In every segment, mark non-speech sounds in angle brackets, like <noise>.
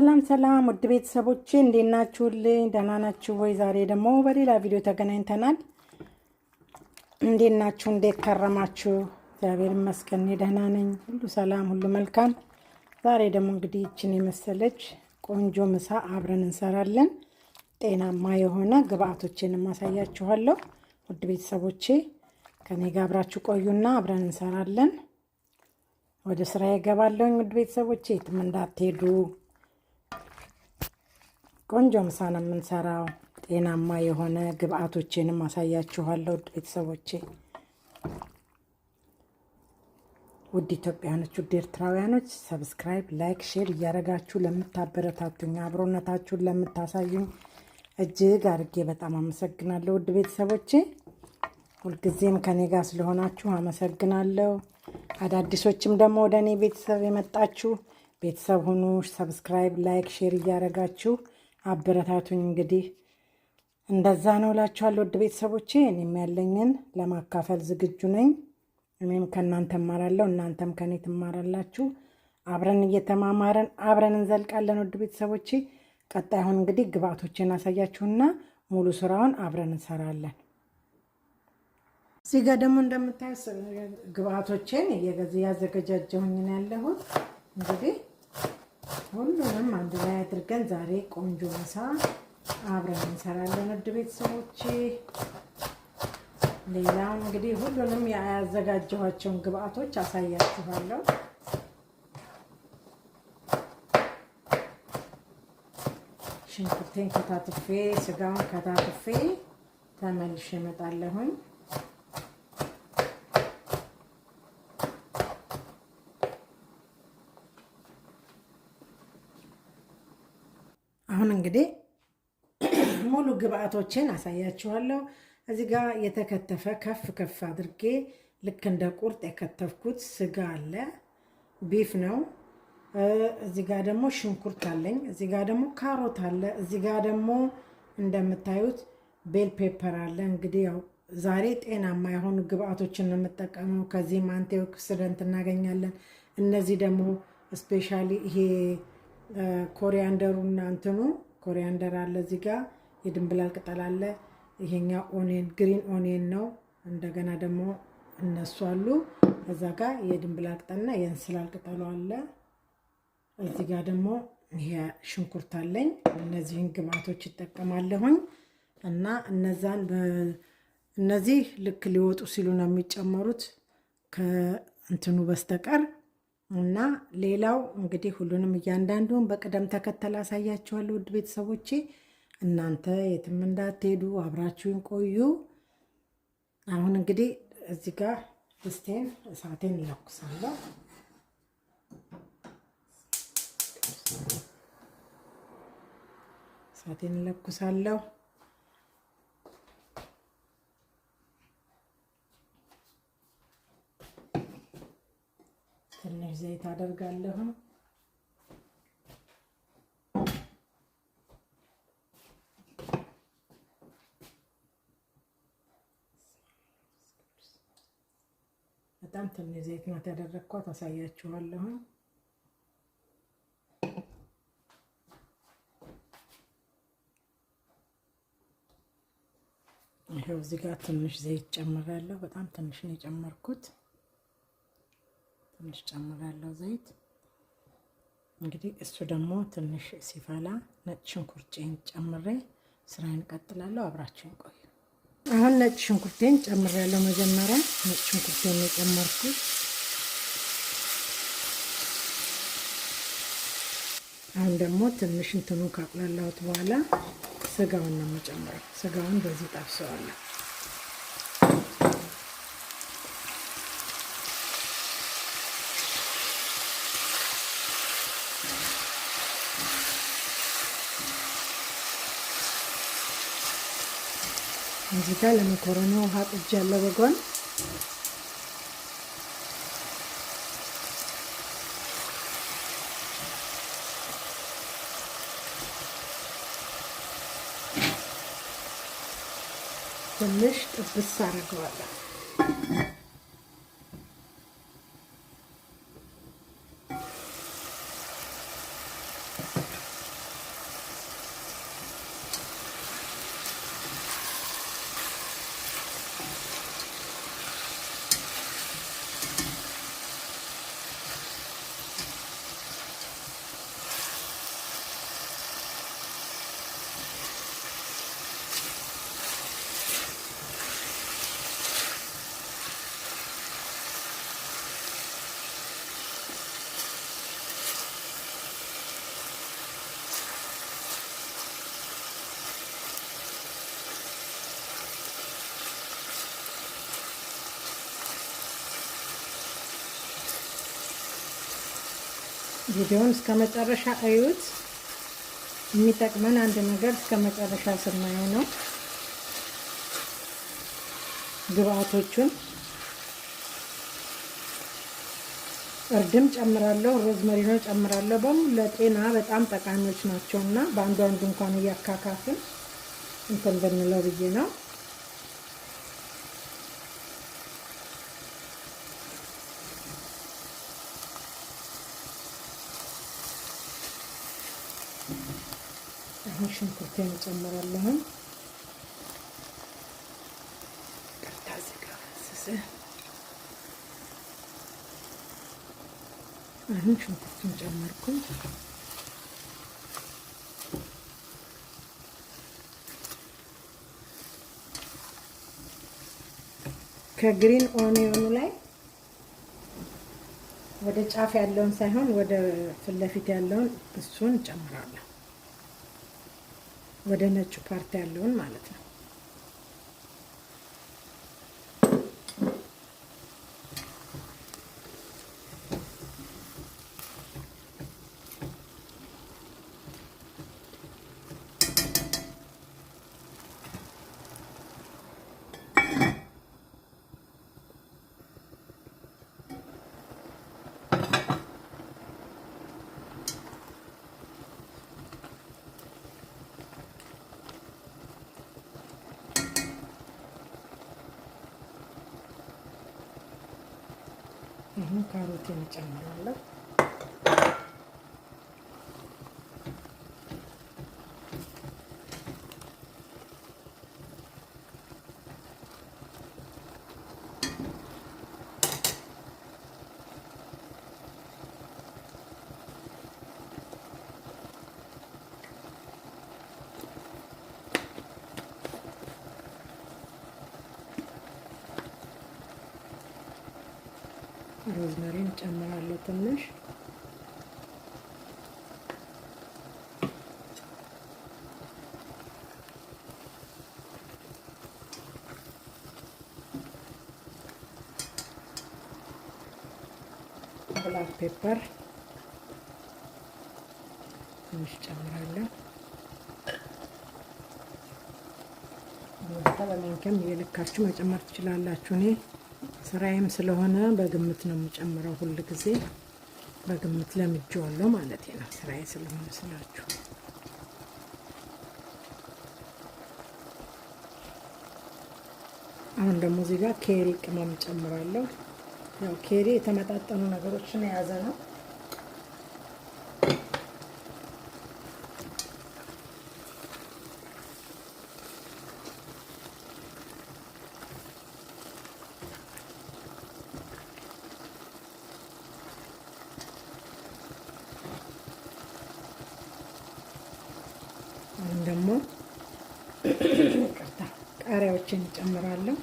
ሰላም ሰላም ውድ ቤተሰቦች እንዴት ናችሁልኝ? ደህና ናችሁ ወይ? ዛሬ ደግሞ በሌላ ቪዲዮ ተገናኝተናል። እንዴት ናችሁ? እንዴት ከረማችሁ? እግዚአብሔር ይመስገን ደህና ነኝ። ሁሉ ሰላም፣ ሁሉ መልካም። ዛሬ ደግሞ እንግዲህ ይችን የመሰለች ቆንጆ ምሳ አብረን እንሰራለን። ጤናማ የሆነ ግብአቶችን ማሳያችኋለሁ። ውድ ቤተሰቦቼ ከኔ ጋር አብራችሁ ቆዩና አብረን እንሰራለን። ወደ ስራ ይገባለሁኝ። ውድ ቤተሰቦቼ የትም እንዳትሄዱ ቆንጆ ምሳ ነው የምንሰራው። ጤናማ የሆነ ግብአቶቼንም አሳያችኋለሁ ውድ ቤተሰቦቼ፣ ውድ ኢትዮጵያኖች፣ ውድ ኤርትራውያኖች፣ ሰብስክራይብ፣ ላይክ፣ ሼር እያደረጋችሁ ለምታበረታቱኝ አብሮነታችሁን ለምታሳዩኝ እጅግ አድርጌ በጣም አመሰግናለሁ ውድ ቤተሰቦቼ። ሁልጊዜም ከኔ ጋር ስለሆናችሁ አመሰግናለሁ። አዳዲሶችም ደግሞ ወደ እኔ ቤተሰብ የመጣችሁ ቤተሰብ ሁኑ። ሰብስክራይብ፣ ላይክ፣ ሼር እያደረጋችሁ አበረታቱኝ። እንግዲህ እንደዛ ነው እላችኋለሁ ውድ ቤተሰቦቼ። እኔም ያለኝን ለማካፈል ዝግጁ ነኝ። እኔም ከእናንተ እማራለሁ፣ እናንተም ከኔ ትማራላችሁ። አብረን እየተማማረን አብረን እንዘልቃለን። ውድ ቤተሰቦቼ ቀጣይ አሁን እንግዲህ ግብአቶችን አሳያችሁና ሙሉ ስራውን አብረን እንሰራለን። እዚህ ጋር ደግሞ እንደምታዩት ግብአቶችን እያዘገጃጀሁኝ ነው ያለሁት እንግዲህ ሁሉንም አንድ ላይ አድርገን ዛሬ ቆንጆ ምሳ አብረን እንሰራለን። ውድ ቤተሰቦቼ ሌላው እንግዲህ ሁሉንም ያዘጋጀኋቸውን ግብአቶች አሳያችኋለሁ። ሽንኩርቴን ከታትፌ ስጋውን ከታትፌ ተመልሼ እመጣለሁኝ። አሁን እንግዲህ <clears throat> ሙሉ ግብአቶችን አሳያችኋለሁ። እዚህ ጋ የተከተፈ ከፍ ከፍ አድርጌ ልክ እንደ ቁርጥ የከተፍኩት ስጋ አለ፣ ቢፍ ነው። እዚህ ጋ ደግሞ ሽንኩርት አለኝ። እዚህ ጋ ደግሞ ካሮት አለ። እዚህ ጋ ደግሞ እንደምታዩት ቤል ፔፐር አለ። እንግዲህ ያው ዛሬ ጤናማ የሆኑ ግብአቶችን ነው የምጠቀመው። ከዚህም አንቲ እናገኛለን። እነዚህ ደግሞ ስፔሻሊ ይሄ ኮሪያንደሩ እናንትኑ ኮሪያንደር አለ እዚህ ጋ የድንብላል ቅጠል አለ። ይሄኛው ኦኔን ግሪን ኦኔን ነው። እንደገና ደግሞ እነሱ አሉ እዛ ጋ የድንብላል ቅጠልና የእንስላል ቅጠሉ አለ። እዚህ ጋ ደግሞ ይሄ ሽንኩርት አለኝ። እነዚህን ግብአቶች ይጠቀማለሁኝ እና እነዛን እነዚህ ልክ ሊወጡ ሲሉ ነው የሚጨመሩት ከእንትኑ በስተቀር እና ሌላው እንግዲህ ሁሉንም እያንዳንዱን በቅደም ተከተል አሳያችኋለሁ። ውድ ቤተሰቦቼ እናንተ የትም እንዳትሄዱ አብራችሁን ቆዩ። አሁን እንግዲህ እዚህ ጋር ድስቴን እሳቴን እለኩሳለሁ። እሳቴን እለኩሳለሁ። ዱቄት አደርጋለሁ። በጣም ትንሽ ዘይት ናት ያደረግኳት፣ አሳያችኋለሁ። ይኸው እዚህ ጋር ትንሽ ዘይት ጨምራለሁ። በጣም ትንሽ ነው የጨመርኩት። ትንሽ ጨምራለሁ ዘይት። እንግዲህ እሱ ደግሞ ትንሽ ሲፈላ ነጭ ሽንኩርቴን ጨምሬ ስራዬን እቀጥላለሁ። አብራችሁን ቆዩ። አሁን ነጭ ሽንኩርቴን ጨምሬያለሁ። መጀመሪያ ነጭ ሽንኩርቴን የጨመርኩት አሁን ደግሞ ትንሽ እንትኑ ካቁላላሁት በኋላ ስጋውን ነው የምጨምረው። ስጋውን በዚህ ጠብሰዋለሁ። እዚህ ጋር ለመኮረኒ ውሃ ጥጅ ያለ በጎን ትንሽ ጥብስ አደርገዋለሁ። ቪዲዮውን እስከ መጨረሻ እዩት። የሚጠቅመን አንድ ነገር እስከ መጨረሻ ስናየው ነው። ግብአቶቹን እርድም ጨምራለሁ፣ ሮዝመሪኖ ጨምራለሁ። በሙሉ ለጤና በጣም ጠቃሚዎች ናቸው እና በአንዱ አንዱ እንኳን እያካካፍን እንትን ብንለው ብዬ ነው። አሁን ሽንኩርቴን እጨምራለሁኝ። አሁን ሽንኩርቱን ጨመርኩኝ። ከግሪን ኦኒዮኑ ላይ ወደ ጫፍ ያለውን ሳይሆን ወደ ፊት ለፊት ያለውን እሱን እጨምራለሁ። ወደ ነጩ ፓርቲ ያለውን ማለት ነው። አሁን ካሮቴን እጨምራለሁ። ሮዝመሪን ጨምራለሁ ትንሽ ብላክ ፔፐር ትንሽ ጨምራለሁ። በማንኪያም እየለካችሁ መጨመር ትችላላችሁ እኔ ስራዬም ስለሆነ በግምት ነው የምጨምረው። ሁል ጊዜ በግምት ለምጄዋለሁ ማለት ነው። ስራዬ ስለሆነ ስላችሁ አሁን ደግሞ እዚህ ጋር ኬሪ ቅመም ጨምራለሁ። ያው ኬሪ የተመጣጠኑ ነገሮችን የያዘ ነው። ጨዎችን እጨምራለሁ።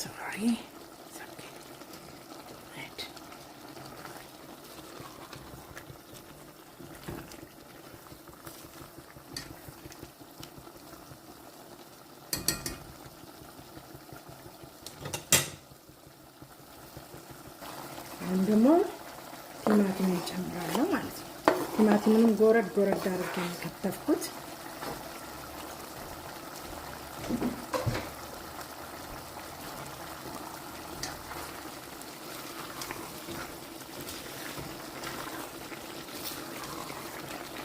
ሶሪ ጎረድ ጎረድ አድርጌ የከተፍኩት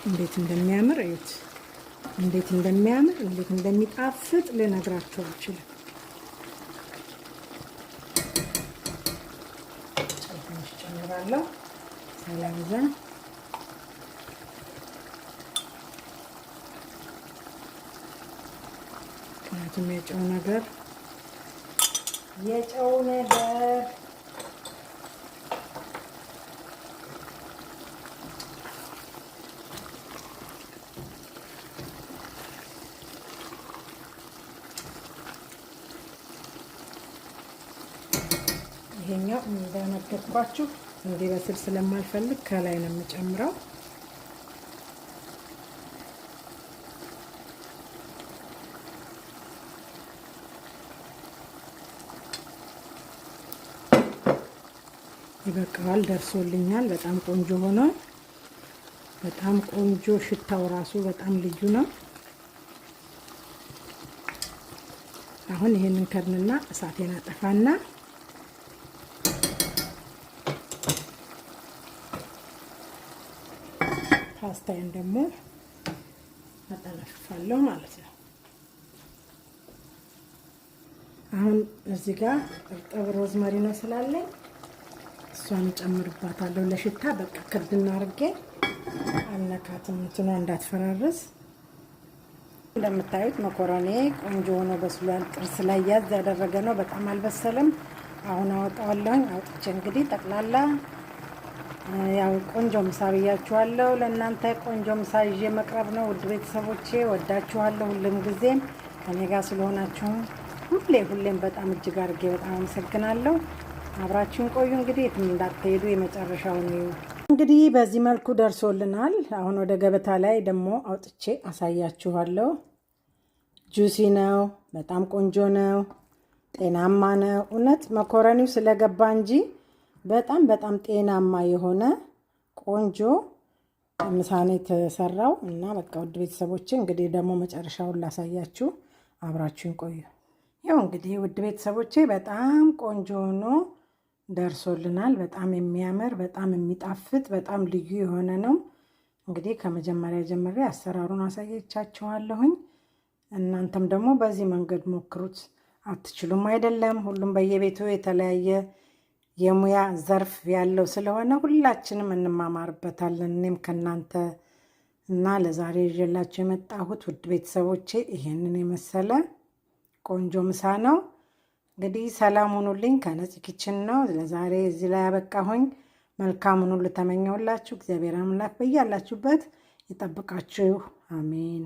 እንዴት እንደሚያምር እዩት። እንዴት እንደሚያምር እንዴት እንደሚጣፍጥ ልነግራቸው አልችልም። ጨምራለሁ ሰላምዛ አላየሁትም። የጨው ነገር የጨው ነገር ይሄኛው እንደነገርኳችሁ እንዲበስል ስለማልፈልግ ከላይ ነው የምጨምረው። ይበቃዋል። ደርሶልኛል። በጣም ቆንጆ ሆነ። በጣም ቆንጆ ሽታው ራሱ በጣም ልዩ ነው። አሁን ይሄንን ከድንና እሳቴን አጠፋና ፓስታዬን ደግሞ አጠለፍፋለሁ ማለት ነው። አሁን እዚህ ጋር እርጥብ ሮዝመሪ ነው ስላለኝ እሷን እጨምርባታለሁ ለሽታ በቃ ክርድ አርጌ አልነካትም፣ እንትኗ እንዳትፈራርስ። እንደምታዩት መኮረኒ ቆንጆ ሆኖ በስሏል። ጥርስ ላይ ያዝ ያደረገ ነው፣ በጣም አልበሰለም። አሁን አወጣዋለሁኝ። አውጥቼ እንግዲህ ጠቅላላ ያው ቆንጆ ምሳ ብያችኋለሁ። ለእናንተ ቆንጆ ምሳ ይዤ መቅረብ ነው። ውድ ቤተሰቦቼ ወዳችኋለሁ። ሁሉም ጊዜም ከኔ ጋር ስለሆናችሁም ሁሌ ሁሌም በጣም እጅግ አድርጌ በጣም አመሰግናለሁ። አብራችሁን ቆዩ። እንግዲህ የትም እንዳትሄዱ የመጨረሻውን እዩ። እንግዲህ በዚህ መልኩ ደርሶልናል። አሁን ወደ ገበታ ላይ ደግሞ አውጥቼ አሳያችኋለሁ። ጁሲ ነው፣ በጣም ቆንጆ ነው፣ ጤናማ ነው። እውነት መኮረኒው ስለገባ እንጂ በጣም በጣም ጤናማ የሆነ ቆንጆ ምሳኔ የተሰራው እና በቃ ውድ ቤተሰቦች እንግዲህ ደግሞ መጨረሻውን ላሳያችሁ፣ አብራችሁን ቆዩ። ያው እንግዲህ ውድ ቤተሰቦቼ በጣም ቆንጆ ሆኖ ደርሶልናል። በጣም የሚያምር በጣም የሚጣፍጥ በጣም ልዩ የሆነ ነው። እንግዲህ ከመጀመሪያ ጀምሬ አሰራሩን አሳየቻችኋለሁኝ። እናንተም ደግሞ በዚህ መንገድ ሞክሩት። አትችሉም አይደለም። ሁሉም በየቤቱ የተለያየ የሙያ ዘርፍ ያለው ስለሆነ ሁላችንም እንማማርበታለን። እኔም ከእናንተ እና ለዛሬ ይዤላችሁ የመጣሁት ውድ ቤተሰቦቼ ይሄንን የመሰለ ቆንጆ ምሳ ነው። እንግዲህ ሰላም ሁኑልኝ። ከነጽ ኪችን ነው ለዛሬ እዚህ ላይ ያበቃሁኝ። መልካም ሁሉ ተመኘውላችሁ እግዚአብሔር አምላክ በያላችሁበት ይጠብቃችሁ። አሜን